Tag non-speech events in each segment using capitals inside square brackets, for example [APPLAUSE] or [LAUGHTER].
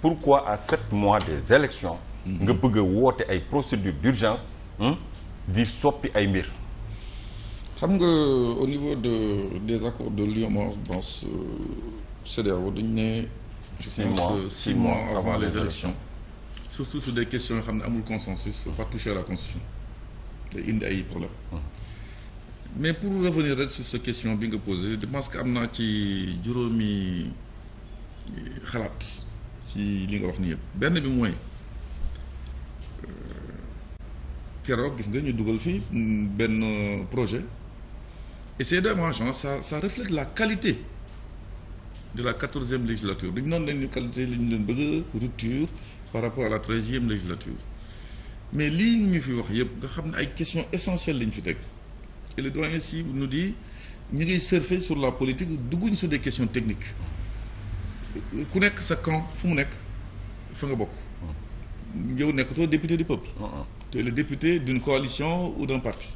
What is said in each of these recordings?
pourquoi à sept mois des élections mhm. nga bëgg a woote ay procédure d'urgence hmm, di soppi ay mbir xam nga au niveau de des accords de Lyon dans ce CEDEAO dañu ne je pense six mois avant les élections surtout sur des questions yoo xam ne amul consensus faut pas toucher la constitution day indi ay problème hmm. mais pour revenir rek sur cette question bi nga posé je pense que am naa ci juróomi xalaat si li nga wax ni yëpp benn bi mooy euh, keroog gis nga ñu dugal fii benn projet et c'est dommage sa ça reflète la qualité de la quatorzième législature dañu noonu lañu qualité li ñu leen bëgg rupture par rapport a la treizième législature mais lii ñu fi wax yëpp nga xam ne ay questions essentielles lañu fi teg et le doyen si nu di ñu ngi surfer sur la politique dugguñ sur des question technique ku nekk sa camp fu mu nekk fa nga bokk. yow nekkutoo député du peuple. Ah, ah. te le député d'une coalition ou d'un parti.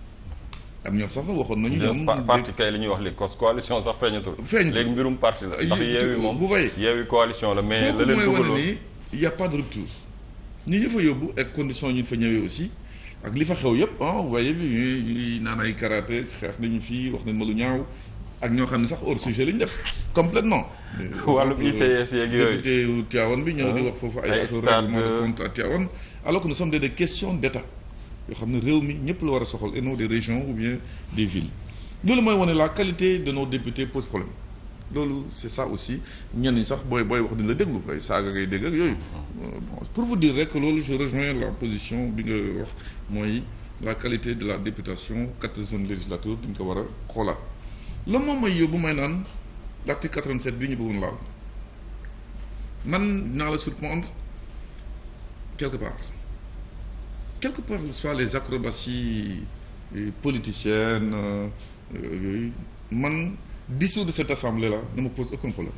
am ñoom sax waxoon nañu ñoom parti kay li ñuy wax li cos coalition sax feeñatul. feeñatul léegi mbirum parti la ah, ndax yeewi moom bu fay yeewi coalition la mais. la leen dugaloon nii y' a pas de rupture. ñi ñu yóbbu ak condition ñu fa ñëwee aussi ak li fa xew yëpp ah vous voyez bi ñuy xeex nañu fii wax nañ ma lu ñaaw ak ñoo xam ne sax or sujet lañ def complètement [LAUGHS] wàllu ICS yeeg yooyu député wu Tivaouane bi ñëw di ah. wax foofu ay règlement de compte à Tivaouane alors que nous sommes des question d'état yoo xam ne réew mi ñëpp la war a soxal et non des régions ou bien des villes loolu mooy wane la qualité de nos députés pose problème loolu c'est ça aussi ñenn ñi sax booy booy wax di la déglu kay saaga ngay dégg yooyu euh, bon pour vous dire rek loolu je rejoins la position bi nga wax mooy la qualité de la députation quatorzième législature duñ ko war a xoolaat la moom may yóbbu may naan l'article 87 bi ñu bëggoon laal man dinaa la surprendre quelque part quelque part soit les acrobaties euh, politiciennes euh, euh, yooyu man dissoudre cette assemblée là ne me pose aucun problème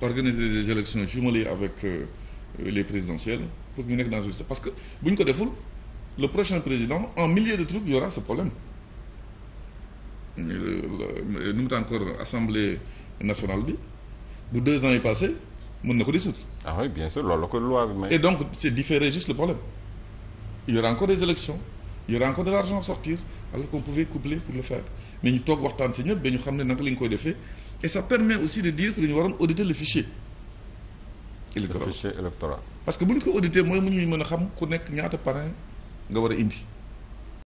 organiser des élections jumelées avec euh, les présidentielles pour ñu nekk dans une parce que bu ñu ko deful le prochain président en milieu de trucs y aura ce problème Euh, nu mu encore assemblée nationale bi bu deux ans yi passé mën na ko dissoudre. ah oui bien sûr loolu la ko loi may. donc c'est différer juste le problème il y aura encore des élections il y de l'argent à sortir alors qu'on pouvait coupler pour le faire mais ñu toog waxtaan si ñëpp ba ñu xam ne naka la ñu koy defee et ça permet aussi de dire que dañu waroon auditer le fichier. électoral le fichier parce que bu ñu ko auditer mooy mu ñuy mën a xam ku nekk ñaata parrain nga war a indi.